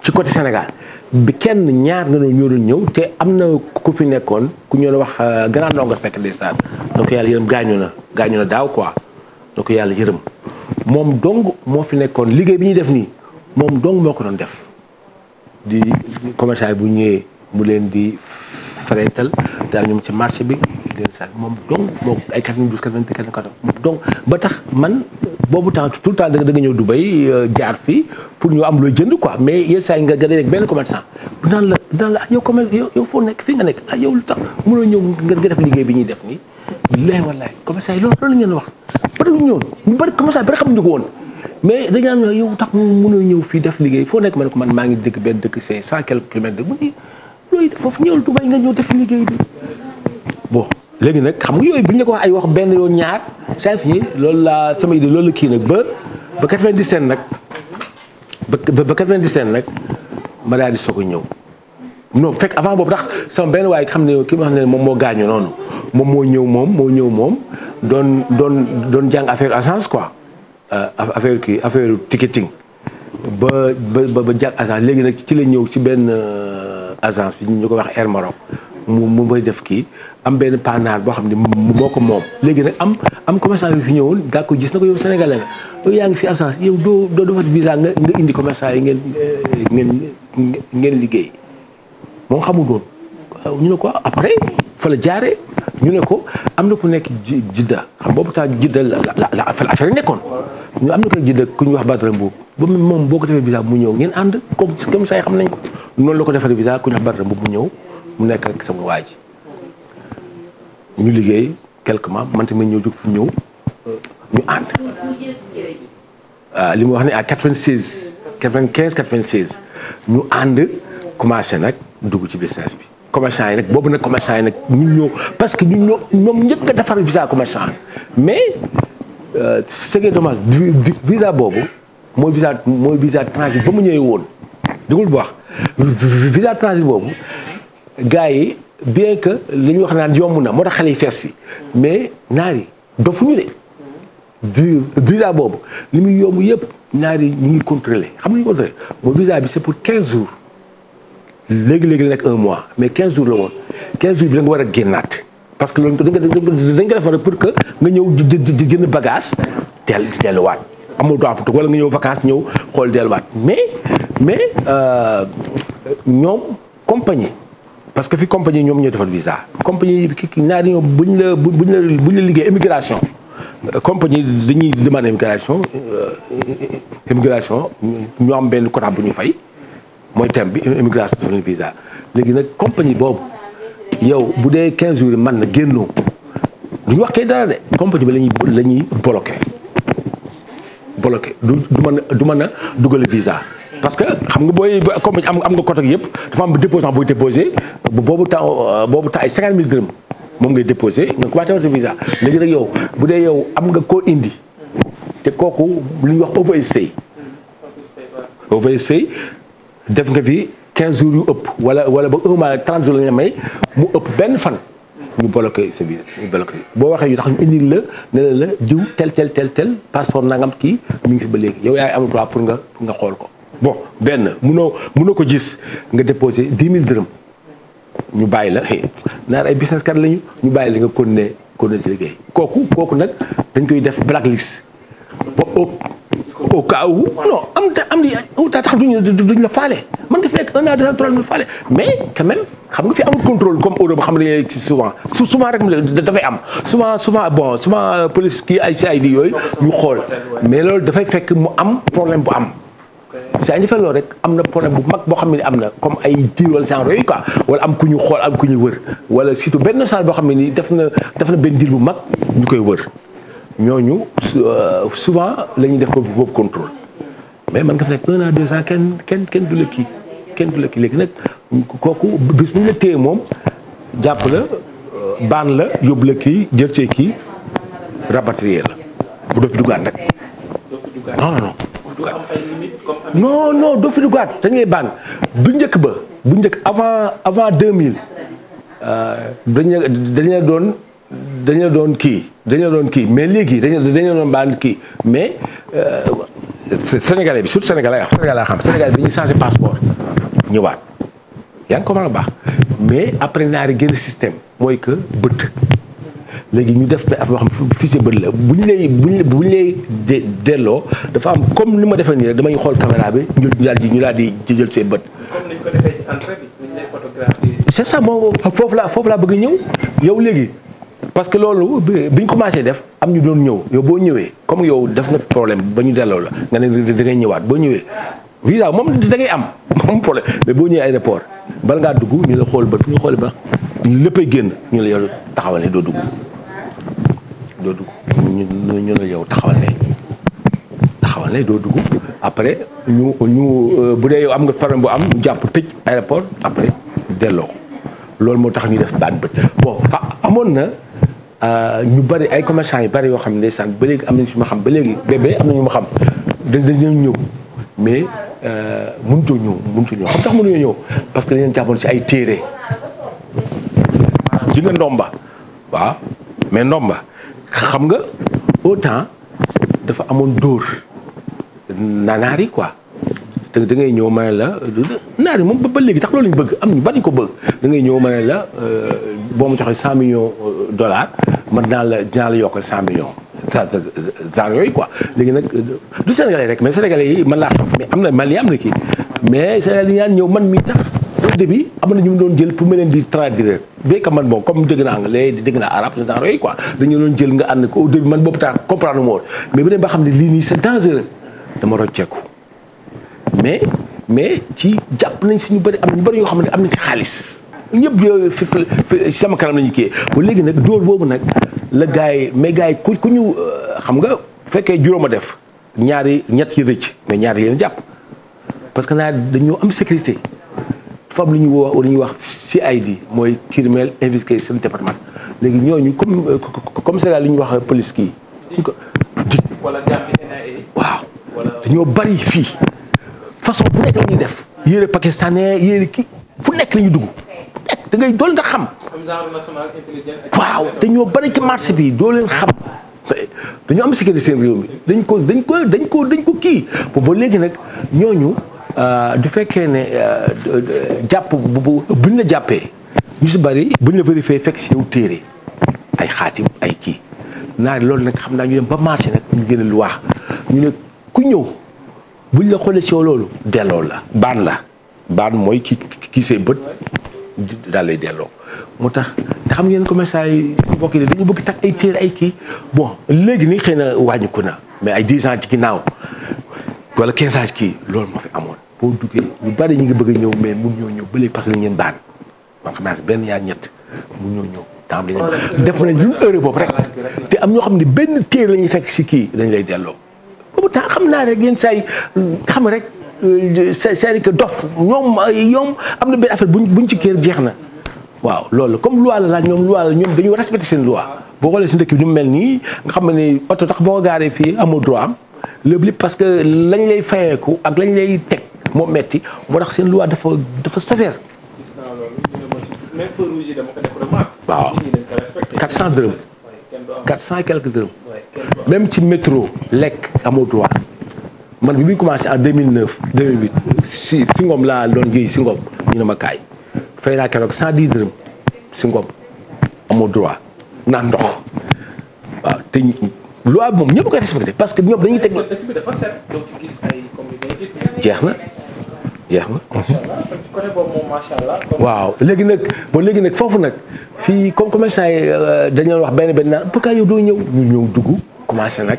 Speaker 3: ci côté Sénégal bi kenn ñaar nga doon ñoo doon ñëw te am na ku fi nekkoon ku ñoon wax euh, grand ndongo Seck ndeysaan donc yàlla yërëm gaañu na gaañu na daaw quoi donc yàlla yërëm moom dong moo fi nekkoon liggéey bi ñuy def nii moom dong moo ko doon def di commerçant bu ñëwee mu leen di fereetal daal ñoom ci marché bi Idrissa Seck moom donc moom ay 92 93 94 donc ba tax man boobu temps tout le temps da nga ñëw Dubaï euh, jaar fii pour ñu am looy jënd quoi mais yenn saa yi nga gën a benn commerçant naan la naan la ah yow commerce foo nekk fii nga nekk ah yow lu tax mënoo ñëw nga def liggéey bi ñuy def nii. billahi wallahi commerçant yi loolu loolu ngeen wax bari lu ñëwoon ñu bari ñëw fii def liggéey foo nekk man ko man maa ngi dëkk benn dëkk c'est cent quelques kilomètres de mu ni looy foofu ñëwal Dubaï nga ñëw def liggéey bi léegi nag xam nga yooyu bi ñu la ko wax ay wax benn yoon ñaar saa fi loolu laa sama idée loolu la kii nag ba ba 97 nag ba ba 97 nag ma daal di soog a ñëw. no fekk avant boobu tax sama benn waaye xam ne ki nga xam ne moom moo gaañu noonu moom moo ñëw moom moo ñëw moom doon doon doon jàng affaire agence quoi euh, affaire kii affaire ticketing ba ba ba jàng agence léegi nag ci la ñëw ci benn euh, agence bi ñu ko wax Air Maroc mu mu may def kii am benn panaar boo xam ne moo ko moom. léegi nag am am commerçant bi fi ñëwoon gàkku gis na ko yow sénégalais la yow yaa ngi fi assance yow doo doo defar visa nga indi commerçant yi eh, ngeen ngeen ngeen liggéey moom xamul woon waaw ñu ne ko après fa la jaaree ñu ne ko am na ku nekk jidda xam boobu temps jidda la la la fa ku ñu wax Badara Mbow. ba moom boo ko defee visa mu ñëw ngeen ànd comme comme saa yi xam nañ ko noonu la ko defar visa ku ñu wax Badara Mbow mu ñëw. mu nekk ak sama waa ji ñu liggéey quelque man tamit ñëw jóg fi ñëw ñu ànd. li mu wax ne à 96. 95 96 ñu ànd commencé nag dugg ci business bi. commerçant yi nag boobu nag commerçant yi nag ñu ñëw parce que ñu ñoo ñoom njëkk a defar visa commerçant mais euh, ce qui est dommage visa boobu mooy visa mooy visa transit ba mu ñëwee woon. dugul bu wax visa transit boobu. gars yi bien que li ñu wax naan yomb na moo tax xale yi fees fi mais naar yi dofuñu de. visa boobu li muy yomb yëpp naar ñu ngi contrôler xam nga ñu contrôler moo visa bi c'est pour quinze jours léegi-léegi la nekk un mois mais quinze jours la woon 15 jours bi da nga war a génnaat parce que loolu dañ ko dañ ko defar que nga ñëw di jënd bagage teel di delluwaat amul droit pour wala nga ñëw vacances ñëw xool delluwaat mais mais euh, ñoom compagnie. parce que fi compagnie ñoom ñooy defar visa compagnie ki ñaari ñoom bu ñu la ñu bu ñu la liggéey immigration compagnie dañuy demande immigration euh, immigration ñu am benn quota bu ñu fay mooy thème bi immigration defar visa léegi nag compagnie boobu yow bu dee 15 jours yi man na génnoo du ñu wax kay dara de compagnie bi la ñuy la ñuy bloqué bloqué du du mën du mën a dugal visa. parce que xam nga booy comme am am nga côté yëpp dafa am déposant booy bu boobu temps euh, boobu temps ay 50 000 dërëm moom ngay déposé nga commencé woon sa visa léegi nag yow bu dee yow am nga koo indi te kooku lu ñuy wax overstay overstay def nga fi quinze jours yu ëpp wala wala ba un mois 30 jours la may mu ëpp benn fan. ñu bloqué sa biir ñu boo waxee yu tax ñu indi la ne la la diw tel tel tel tel passeport nangam kii mi ngi fi ba léegi yow yaay am droit pour nga pour nga xool ko. bon benn munoo munoo ko gis nga déposé dix mille dërëm ñu bàyyi la naar ay business kat lañu ñu bàyyi la nga continuer continuer si liggéey kooku kooku nag dañ koy def blacklist ba au au cas où non am ta am ta tax duñ duñ la faale mën nga fi nekk un an deux ans trois mille faale mais quand même xam nga fi amul contrôle comme Europe xam ne ci souvent su souvent rek dafay am souvent souvent bon souvent police kii ay CID yooyu ñu xool mais loolu dafay fekk mu am problème bu am saa ñu defee loolu rek am na problème bu mag boo xam ne am na comme ay diir wala genre yooyu quoi wala am ku ñu xool am ku ñu wër wala surtout benn salle boo xam ne nii def na def benn diir bu mag ñu koy wër ñoo ñooñu euh, souvent la ñuy def boobu boobu contrôle mais man nga fa nekk un kenn kenn kenn du la kenn du la léegi nag kooku bis bu ñu la téye moom jàpp la euh, baan la yóbbu la kii jël cee kii rapatrier la bu doo fi dugaan nag duggaat non non doo fi duggaat dañ baan bu njëkk ba bu njëkk avant avant 2000 dañu dañu doon dañu doon kii dañu doon kii mais léegi dañu dañu doon baan kii mais euh, sénégalais bi surtout sénégalais xam sénégalais xam sénégalais bi ñu changé passeport ñëwaat yaa ngi ko mën a baax mais après naari génn système mooy que bëtt léegi ñu def benn affaire boo xam fichier bët la bu ñu lay bu ñu lay delloo dafa am comme ni ma defe nii rek damay xool caméra bi ñu daal di ñu daal di jël see bët. comme
Speaker 2: ni
Speaker 3: c'est ça moom foofu laa foofu laa bëgg ñëw yow léegi parce que loolu bi ñu commencé def am ñu doon ñëw yow boo ñëwee comme yow def na problème ba ñu delloo la nga ne da ngay ñëwaat boo ñëwee. visa moom da ngay am [LAUGHS] moom problème mais boo ñëwee aéroport bala ngaa dugg ñu la xool bët bu ñu xoolee ba léppay génn ñu la yow taxawal ne doo dugg. doo dugg ñu ñu la yow taxawal ne taxawal doo dugg après ñu ñu euh, bu dee am nga problème bu am jàpp tëj aéroport après delloo loolu moo tax ñu def baan bët bon amoon na euh, ñu bari ay commerçant yu bari yoo xam ne ndeysaan ba léegi am nañu fi ma xam ba léegi am na ñu ma xam da dañu ñëw mais euh, mënutoo ñëw mënutoo ñëw xam tax mënuñoo ñëw parce que dañu leen jàppoon si ay téere ji nga ndomba waaw mais ndomba xam nga au temps dafa amoon dóor naanaar yi quoi te da ngay ñëw ma ne la naar yi moom ba léegi sax loolu ñu bëgg am ñu bari ñu ko bëgg da ngay ñëw ma ne la euh, boo ma joxee cent millions euh, dollars man dinaa la dinaa la yokkal cent millions. genre yooyu quoi léegi nag du Sénégalais rek mais Sénégalais yi man laa xam mais am na Mali am na kii mais Sénégalais yi ñaan ñëw man mii tax. idée bi am na ñu doon jël pour mu leen di traduire bien que man bon comme dégg naa anglais dégg naa arabe c'est genre yooyu quoi dañu doon jël nga ànd ko au début man boobu taa comprendre moo mais mais ci jàpp nañ si ñu bëri am na yoo xam ne am na ci xaalis ñëpp fi fi sama kanam la ñu kii ba léegi nag dóor boobu nag la gars yi mais yi ku ku ñu euh, xam nga fekkee juróom a def ñaari ñett yi rëcc mais ñaari yéen jàpp parce que naa dañoo am sécurité. femme lu ñuy woo lu ñuy wax CID mooy criminel investigation département léegi ñooñu comme comme c'est là ñu ñuy wax police kii. di wala waaw dañoo bari fii façon bu nekk la def. yére pakistanais yére kii fu nekk lañu ñuy dugg. nekk da ngay dool nga xam.
Speaker 1: waaw dañoo
Speaker 3: bari ci marché bi doole leen xam. dañoo am sécurité seen réew mi dañ ko dañ ko dañ ko dañ ko kii ba léegi nag ñooñu. Euh, du fekkee ne euh, jàpp bu buñ la jàppee ñu si bari buñ la vérifié fekk si téere ay xaatim ay kii naa loolu nag xam naa ñu dem ba marché nag ñu gën lu wax ñu ne ku ñëw buñ la xoolee si loolu delloo la baan la baan mooy ki kii say bët daal lay delloo moo tax te xam ngeen commerçant yi mbokk dañu bëgg takk ay téere ay kii bon léegi nii xëy na wàññiku na mais ay 10 ans ci ginnaaw wala 15 ans kii loolu moo fi amoon boo duggee ñu bari ñu ngi bëgg a ñëw mais mun ñoo ñëw bële parce que ngeen baan man xam naa si benn ñoo ñëw temps la ñuy fekk si kii dañ lay delloo boobu temps xam naa rek yenn saa yi xam rek euh, na benn affaire buñ buñ ci kër jeex na waaw loolu comme loi la laaj ñoom loi la ñoom dañu respecté seen loi boo xoolee si ndëkk ni mu mel nii nga boo ko gaaree fii amoo droit am lépp lépp parce que lañ lay fayeeku ak lañ lay teg moo metti moo tax seen loi dafa dafa sévère. waaw 400 dërëm. 400 et quelques dërëm. même ci metro lekk amoo droit man bi muy commencé en 2009 2008 si si ngoom laa doon jëy si ngoom ñu ne ma kaay fay naa keroog 110 dërëm si ngoom amoo droit naan ndox waaw te loi bi moom ñëpp koy respecté parce que ñoom dañuy teg. jeex na. jeex na. côté boobu waaw léegi nag ba léegi nag foofu nag fii comme commerçant yi euh, dañu leen wax benn benn naan pourquoi yow doo ñëw ñu ñëw dugg commencé nag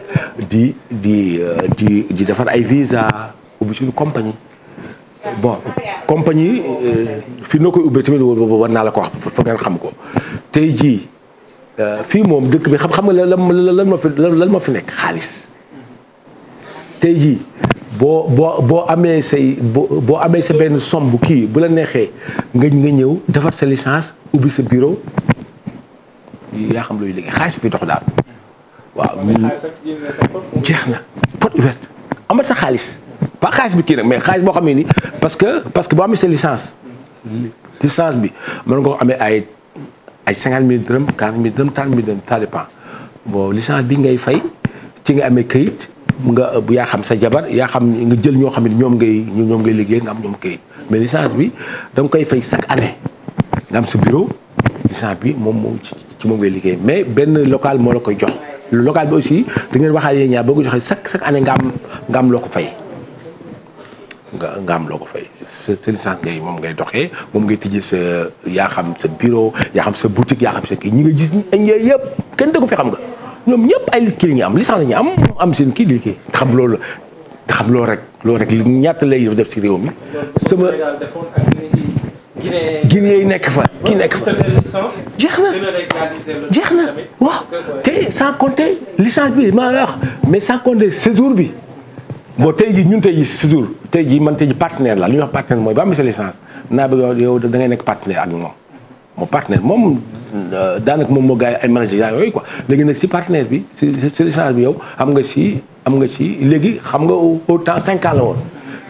Speaker 3: di di euh, di di defar ay visa ubbi suñu compagnie. bon compagnie euh, fii noo koy ubbee tamit war naa la ko wax fa ngeen xam ko tey jii fii moom dëkk bi xam xam nga lan lan lan moo fi lan moo fi nekk xaalis tey boo boo boo amee say boo amee sa benn somb kii bu la neexee nga nga ñëw defar sa licence ubbi sa bureau yaa xam looy liggéey xaalis bi dox daal waaw. jeex na porte ouverte amat sa xaalis. pas xaalis bi kii nag mais xaalis boo xam ne nii parce que parce que boo amee sa licence. licence bi mën nga amee ay ay cinquante mille dërëm quarante mille dërëm trente mille dërëm ça dépend bon licence bi ngay fay ci nga amee këyit. nga yaa xam sa jabar yaa xam nga jël ñoo xam ne ñoom ngay ñoom ngay liggéey nga am ñoom kayit mais licence bi da koy fay chaque année nga am sa bureau licence bi moom moom ci moom ngay liggéey mais benn local moo la koy jox. local bi aussi da ngeen waxaale yéen ñaar boo ko joxee chaque chaque année nga am loo ko fay nga nga am loo ko fay sa sa licence ngay moom ngay doxee moom ngay tijji sa yaa xam sa bureau yaa xam sa boutique yaa xam sa kii ñi nga gis ñi yëpp kenn da ko fi xam nga. ñoom ñëpp ay kii la ñuy am licence la ñuy am am seen kii di kii xam loolu xam loolu rek loolu rek li ñaata lay def si réew mi.
Speaker 1: sama Guinée yi
Speaker 3: nekk fa kii nekk fa
Speaker 1: jeex na jeex na waaw
Speaker 3: te sans compter bi maa la wax mais sans compter séjour bi bon tey jii ñun tey jii séjour tey jii man tey jii partenaire la li ñuy wax partenaire mooy ba amee sa licence naa bëgg yow nekk partenaire ak moom. mon partenaire moom euh, daanaka moom moo gars yi ay manager yooyu quoi léegi nag si partenaire bi si si bi yow am nga si am nga si léegi xam nga au temps cinq ans la woon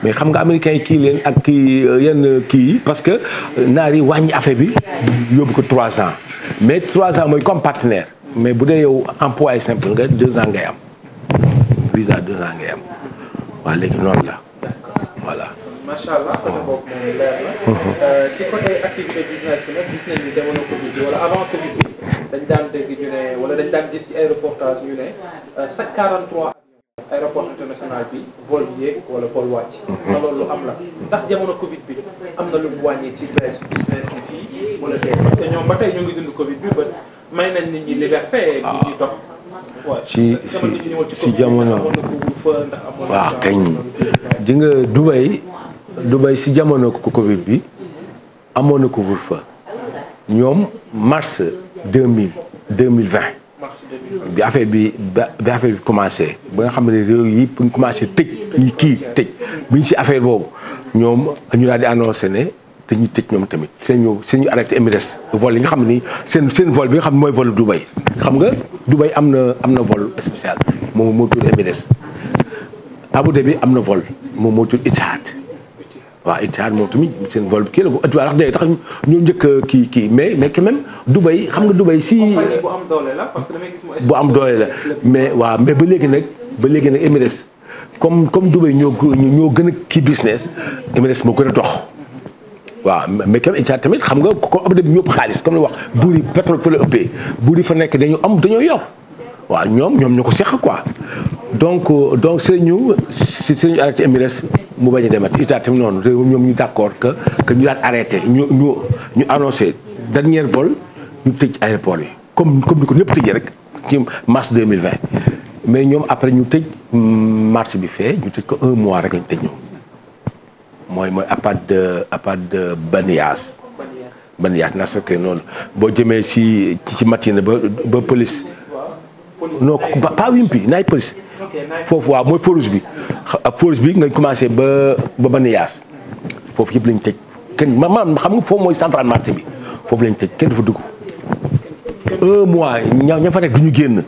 Speaker 3: mais xam nga américains yi kii leen ak kii euh, yenn kii yi parce que naar yi wàññi affaire bi yóbbu ko trois ans mais trois ans mooy comme partenaire mais bu dee yow employé simple nga deux ans ngay am visa deux ans ngay am waaw léegi noonu la
Speaker 1: macha allah ah. côté boobu uh-huh. euh, ci gis nañu jamono Covid bi wala avant Covid bi dañ daan dégg ñu ne wala dañ daan gis ci aéroportage reportage ñu ne chaque euh, 43 aéroport international bi vol yéeg wala vol wàcc. na uh-huh. loolu lu am la ndax jamono Covid bi am na lu mu wàññi ci bees business bi fii wala tey ñoom ba tey ñu ngi dund Covid bi ba may nañ nit ñi liberté. waaw ah. nit ñi dox.
Speaker 3: ci si si jamono waaw kañ di nga Dubaï Dubaï si jamono ko Covid bi amoon na couvre fa ñoom mars deux mille deux mille vingt bi affaire bi ba bi affaire bi commencé ba nga xam ne réew yi pour commencé tëj ñi kii tëj biñ si affaire boobu ñoom ñu daal di annoncé ne dañuy tëj ñoom tamit seen ñëw seen ñu arrêté Emirates vol nga xam ni seen seen vol bi nga xam ne mooy volu Dubaï xam nga Dubaï am na am na vol spécial moom moo tudd Emirates am na vol moom moo tudd Etihad waaw Etihad moom tamit seen vol kii la ko Etihad wax dëgg tax ñoo njëkk kii kii mais mais quand même Dubaï xam nga Dubaï si. bu
Speaker 1: am doole la parce que damay gis am doole la
Speaker 3: mais waaw mais ba léegi nag ba léegi nag Emirates comme comme Dubaï ñoo ñoo gën a kii business Emirates moo gën a dox. waaw mais kam Etihad tamit xam nga comme am na ñëpp xaalis comme la wax buur yi pétrole fa la ëppee buur fa nekk dañu am dañoo yor waaw ñoom ñoom ñoo ko seq quoi. donc euh, donc sëriñ ñu si sëriñ ñu arrêté mu bañ a demati État tamit noonu te ñoom ñu d' accord que que ñu daan arrêté ñu ñu ñu annoncé dernier vol ñu tëj aéroport yi comme comme ko ñëpp tëjee rek ci mars 2020 mais ñoom après ñu tëj mm, mars bi fee ñu tëj ko un mois rek lañ tëj ñoom mooy mooy apad apad baniyaas baniyaas naa sokkee noonu boo jëmee si ci matin ba ba police non pas Wimpi naay police foofu waaw mooy forage bi ak forage bi nga commencé ba ba ba Niass foofu yëpp lañ tëj kenn maanaam xam nga foofu mooy central marché bi foofu lañ tëj kenn dafa dugg un mois ña ña fa du ñu génn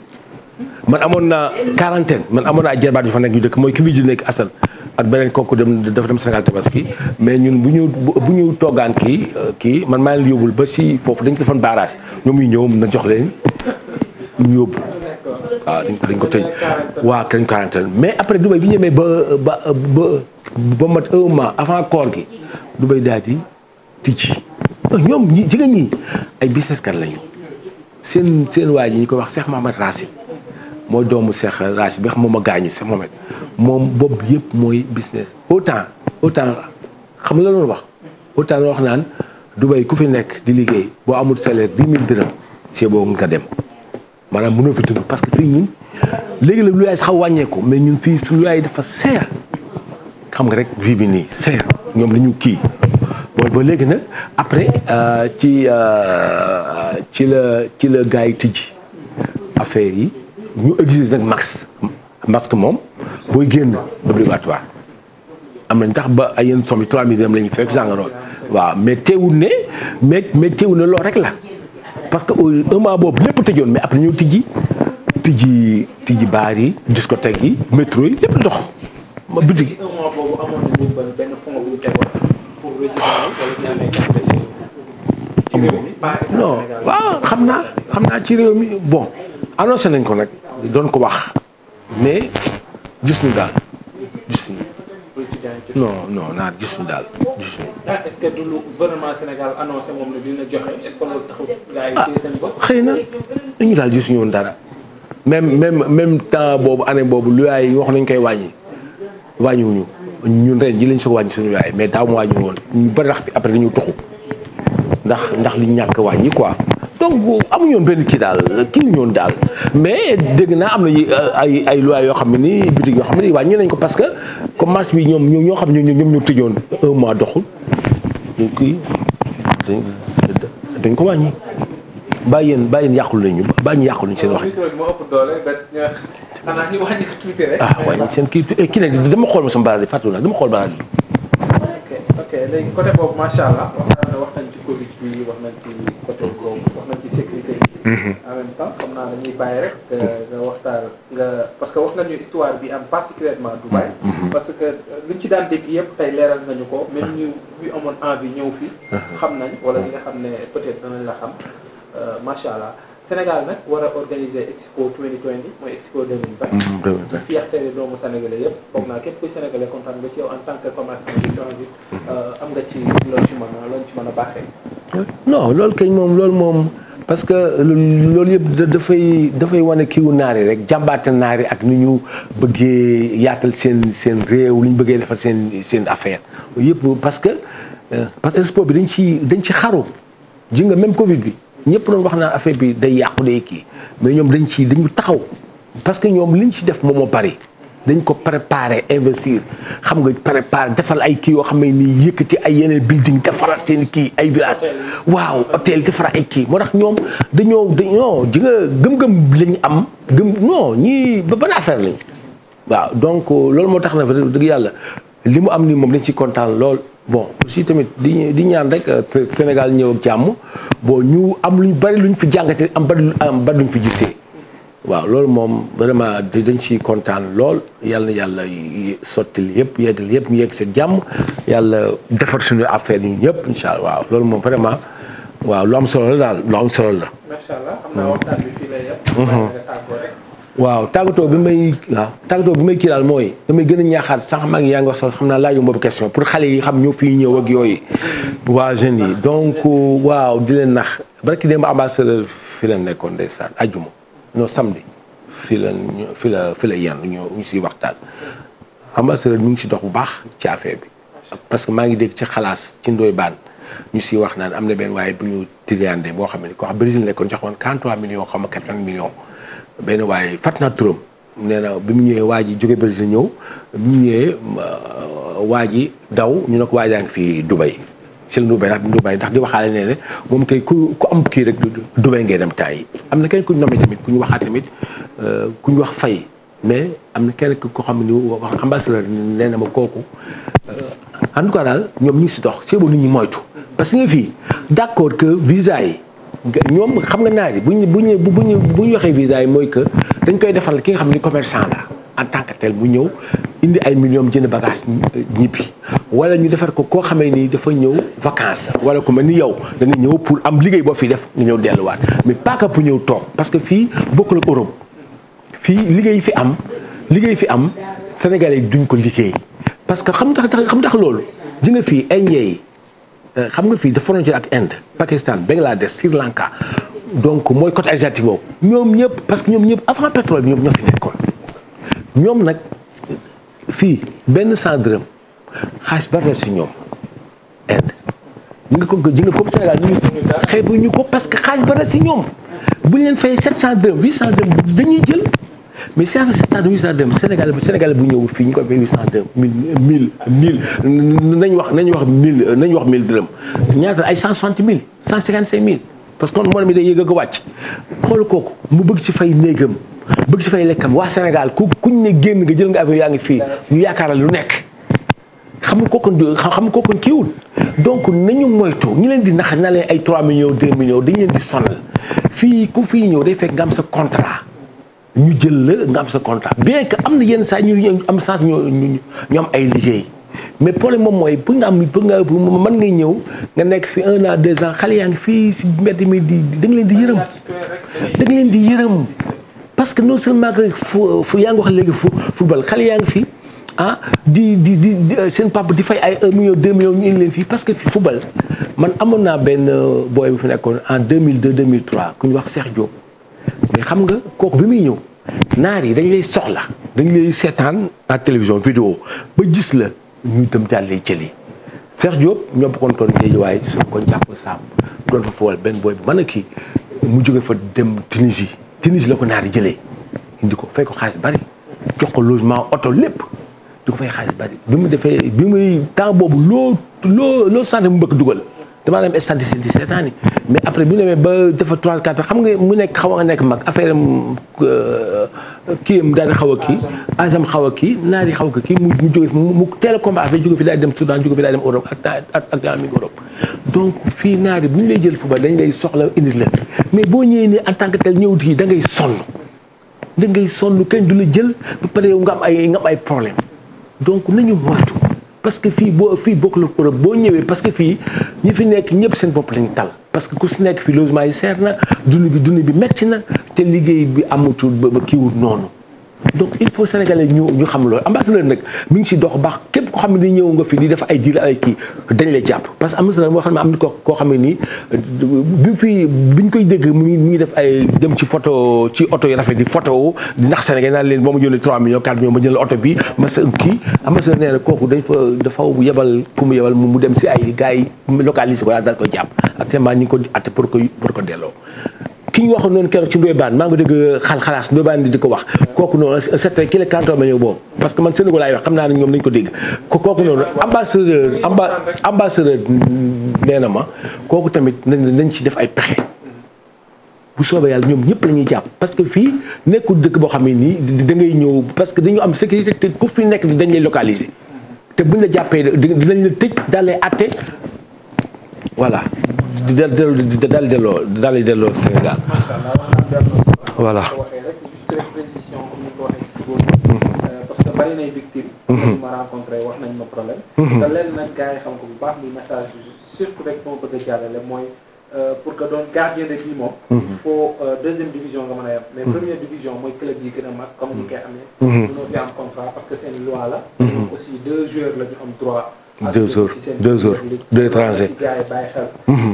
Speaker 3: man amoon naa quarantaine man amoon naa jarbaat yu fa nekk ñu dëkk mooy ki bi di nekk asal ak beneen kooku dem dafa dem Sénégal tabaski mais ñun bu ñu bu ñu toggaan kii euh, kii man maa leen yóbbul ba si foofu dañ ko defoon barrage ñoom ñu ñëw na jox leen ñu yóbbu. waaw ah, dañ ko tëj waaw dañ ko mais après Dubaï bi ñemee ba ba mat un avant koor gi Dubaï daal di tijji ñoom ñi jigéen ñi ay business kat lañu seen seen waa ji ñu koy wax Cheikh Mohamed Racine mooy doomu Cheikh Racine bi xam moom a gaañu Cheikh Mohamed moom bopp yëpp mooy business autant autant xam la loolu wax autant wax naan Dubaï ku fi nekk di liggéey boo amul salaire dix mille dërëm c'est nga dem maanaam mënoo fi dund parce que fii ñun léegi la lu yaay xaw wàññeeku mais ñun fii su lu yaay dafa seer xam nga rek vie bi nii seer ñoom li ñu kii bon ba léegi nag après euh, ci euh, ci la ci la gars yi tijji affaire yi ñu exige nag max masque moom booy génn obligatoire am nañ tax ba ay yenn somme yi 3000 dem la ñu fekk sàngaroon waaw mais teewul ne mais mais teewul ne loolu rek la parce que un boobu lépp tëjoon mais après ñëw tijji tijji tijji baar yi discothèque yi métro yi lépp dox. ma bitig non waaw xam naa xam naa ci réew mi bon annoncé nañ ko nag doon ko wax mais gis ñu daal. non non naat gis ñu daal gis
Speaker 1: ah, lu gouvernement Sénégal annoncé moom ne dina joxe est-ce ah, xëy
Speaker 3: na ñu daal gis ñu woon dara. même même même temps boobu année boobu lu yaay wax nañ koy wàññi wàññiwuñu ñun ren ji lañ soog wàññi suñu yaay mais daaw mu wàññi woon ñu bari rax fi après dañu tuxu ndax ndax li ñàkk wàññi quoi. donc amuñu woon benn kii daal kii wu ñoon daal mais dëgg naa am na euh, ay ay loi yoo xam ne nii bitig yoo xam ne nii wàññi nañ ko parce que comme marché bi ñoom ñoo xam ne ñoom ñoo tëjoon un mois doxul euh, dañ ko wàññi. bàyyi yéen bàyyi yéen yàqul nañu ñu yàqul nañu seen wax. ah wàññi seen kii eh, kii nag dama xool ma sama baraade fàttali dama xool baraade. ok ok léegi côté boobu macha allah
Speaker 1: wax nañ ci Covid bi Mhm. en même temps xam naa dañuy bàyyi rek nga waxtaan nga parce que wax nga ñu histoire bi am particulièrement Dubaï. Mhm. Mhm. parce que euh, liñ ci daan dégg yëpp tey leeral nga ñu ko même ñu ñu amoon envie ñëw fi xam nañ wala ñi nga xam ne peut-être danañ la xam euh, macha allah Sénégal nag war a organiser expo 2020 mooy expo 2020. 2020 fii ak tey doomu sénégalais yëpp foog naa képp kuy sénégalais kontaan nga ci yow en tant que commerçant du transit euh, am nga ci loo ci mën a loo ci mën a baaxee.
Speaker 3: parce que loolu yëpp dafay dafay wane kiiwu naar yi rek jàmbaate naar yi ak ni ñu bëggee yaatal seen seen réew lu ñu bëggee defal seen seen affaire yëpp parce que euh, parce que expo bi dañ ci dañ ci xaru ji nga même Covid bi ñëpp doon wax naan affaire bi day yàqu day kii mais ñoom dañ ci dañu taxaw parce que ñoom liñ ci def moom moo bari dañ ko préparer investir xam nga préparer defal ay kii yoo xam ne nii yëkkati ay yeneen building defaral seen kii ay village waaw hôtel defar ay kii moo tax ñoom dañoo dañoo ji gëm-gëm lañ am gëm non ñii ba ban affaire lañ waaw donc euh, loolu moo tax na dëgg yàlla li mu am nii moom dañ ci kontaan lool bon aussi tamit di di ñaan rek euh, Sénégal ñëw ak jàmm bon ñu am lu ñu bari lu luñ fi jàngatee am bari am bari fi gisee. waaw loolu moom vraiment dañ ciy kontaan lool yàlla yàlla sottil yëpp yeggal yëpp ñu yegg seen jàmm yàlla defar suñu affaire yi ñëpp incha waaw loolu moom vraiment waaw lu am solo daal lu am solo la.
Speaker 1: macha allah bi fii lay yem.
Speaker 2: Mhm.
Speaker 3: waaw tàggatoo bi may waaw tàggatoo bi may mooy damay gën a ñaaxaat sànq maa ngi yaa ngi wax sax xam naa laaju boobu question pour xale yi xam ñoo fii ñëw ak yooyu. waa jeunes yi donc waaw di leen nax barki démb ambassadeur fi leen nekkoon ndeysaan ajuma non samedi fii la ñu fii la fii la yenn ñu ñu siy waxtaan ambassadeur mi ngi si dox bu baax ci affaire bi parce que maa ngi dégg ci xalaas ci ndoy baan ñu siy wax naan am na benn waaye bu ñu tiliande boo xam ne ko xam Brésil nekkoon jox woon 43 millions xaw ma 80 millions benn waaye fat naa turam nee na bi mu ñëwee waa ji jóge Brésil ñëw bi mu ñëwee euh, waa ji daw ñu ne ko waajaa ngi fii Dubai ci la Ndoubène ndax Ndoubène ndax di waxaale neene moom kay ku ku am kii rek Ndoubène ngay dem taay am na kenn ku ñu tamit ku ñu waxaat tamit euh, ku ñu wax fay mais am na kenn ko xam ne wax ambassadeur nee na ma kooku euh, en tout cas daal ñoom ñu ngi si dox c'est bon nit ñi moytu. parce que fii d'accord que visa yi ñoom xam nga naa bu ñu bu ñu bu ñu waxee visa yi mooy que dañ koy defal ki nga xam ni commerçant la. en tant que tel mu ñëw indi ay millions jënd bagage euh, ñibbi wala ñu defar ko koo xamee nii dafa ñëw vacances wala ku mel ni yow da ñëw pour am liggéey boo fi def nga ñëw delluwaat mais pas bu ñëw toog parce que fii bokkul ak Europe fii liggéey fi am liggéey fi am Sénégalais duñ ko liggéey parce que xam tax xam tax loolu ji nga fii Indien yi euh, xam nga fii dafa frontière ak Inde Pakistan Bangladesh Sri Lanka donc mooy côté asiatique boobu ñoom ñëpp parce que ñoom ñëpp avant pétrole bi ñoom ñoo fi nekkoon. ñoom nag fii benn cent dërëm xaalis ba si ñoom inde ñi ko ji nga comme Sénégal ñu xeebu ñu ko parce que xaalis ba rees si ñoom bu ñu leen fay sept cent dërëm huit cent dërëm dañuy jël mais si affaire sept cent huit cent dërëm Sénégal Sénégal bu ñëwul fii ñu ko fay huit cent dërëm mille nañ wax nañ wax mille nañ wax mille dërëm ñaata ay cent soixante mille cent cinquante cinq mille parce que kon moo mi day yëg a wàcc xool kooku mu bëgg si fay néegam bëgg si fay lekkam waa Sénégal ku kuñ ne génn nga jël nga avion yaa ngi fii ñu yaakaaral lu nekk xam nga kooku xam nga kooku kiiwul donc nañu moytu ñu leen di nax na leen ay 3 millions 2 millions dañ leen di sonal fii ku fii ñëw day fekk nga am sa contra ñu jël la nga am sa contrat bien que am na yenn saa ñu am chance ñu ñu am ay liggéey mais problème moom mooy bu nga am bu nga man ngay ñëw nga nekk fi un an deux ans xale yaa ngi fii si mbedd mi di da leen di yërëm da leen di yërëm parce que non seulement que fu fu yaa wax léegi fu football xale yaa ngi fi ah di di di euh, seen papa di fay ay 1 million 2 millions leen fii parce que fi football man amoon naa benn euh, booy bi fu nekkoon en mille 2002 2003 ku ñu wax Cheikh Diop mais xam nga kooku bi muy ñëw naar yi dañ lay soxla dañ lay seetaan en télévision vidéo ba gis la ñu dem daal lay jëli Cheikh Diop ñoo bokkoon toon Guédiawaye suñu ko jàpp saam doon fa fowal benn booy bi mën na kii mu jóge fa dem Tunisie Tunis la ko naar yi jëlee indi ko fay xaalis bari jox ko logement oto lépp di ko fay xaalis bari bi mu defee bi muy temps boobu loo loo loo sant mu bëgg dugal. damaa dem stade di seetaan yi mais après bu ñu ba dafa 3 4 xam nga mu nekk xaw a nekk mag affaire am euh, kii am daal di xaw a kii. asam xaw kii naa di xaw a kii mu mu fi mu teel a combat affaire jóge fi daal dem Soudan jóge fi daal dem Europe ak ak ak Europe. donc fii naari bu ñu lay jël football dañ lay soxla indi la mais boo ñëwee nii en tant que tel ñëwut yi da ngay sonn da ngay sonn kenn du la jël ba pare yow nga am ay nga ay problème donc parce que fii boo fii bokk la problème boo ñëwee parce que fii ñi fi nekk ñëpp seen bopp lañu tal parce que ku si nekk fii logement yi seer na dund bi dund bi metti na te liggéey bi amatul ba kiiwul noonu donc il faut sénégalais ñu ñu xam loolu ambassadeur nag mi ngi si dox baax képp koo xam ni ñëw nga fi di def ay diir ay kii dañ lay jàpp parce que ambassadeur moo xam ne am na koo xam ne nii bi fi biñ koy dégg mu ngi mu def ay dem ci photo ci oto yu rafet di photo ndax Sénégal naan leen boo ma yónnee 3 millions 4 millions ma jël oto bi ma sa kii ambassadeur nee na kooku dañ fa dafa yebal ku mu yebal mu dem si ay gars yi localisé ko daal ko jàpp actuellement ñu ngi ko ate pour ko pour ko delloo. ki ñu waxoon noonu keroog ci Ndoye Bane maa ngi dégg xal xalaas Ndoye Bane di ko wax kooku noonu certain ki la canton ma ñëw boobu parce que man Sénégal laay wax xam naa ne ñoom nañ ko dégg kooku noonu ambassadeur amba ambassadeur na ma kooku tamit nañ ci def ay pexe bu soobee yàlla ñoom ñëpp la ñuy jàpp parce que fii nekkul dëkk boo xam ne nii da ngay ñëw parce que dañu am sécurité te ku fi nekk dañ lay localiser te buñ la jàppee dinañ la tëj daal lay atte voilà di dal di dal delloo daal di delloo Sénégal.
Speaker 1: voilà. bari nay victime ñu ma rencontré wax nañ ma problème te leen nag gars yi xam ko bu baax ni message bi surtout rek moo bëgg a jàllale mooy pour que doon gardien de bii moom il faut deuxième division nga mën a yem mais première division mooy club yi gën a mag comme ni koy amee mënoo fi am contrat parce que seen loi la deux joueurs la ñu am deux heures deux heures deux transit vraiment mm-hmm.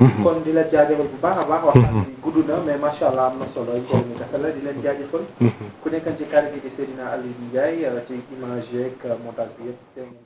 Speaker 1: mm-hmm. kon di la jaajëfal bu baax a baax wax mm-hmm. gudd na mais macha allah am na solo jërëjëf kese la di
Speaker 2: leen jaajëfal ku nekkan ci kàddu gi di euh, image yeeg montage bi yëpp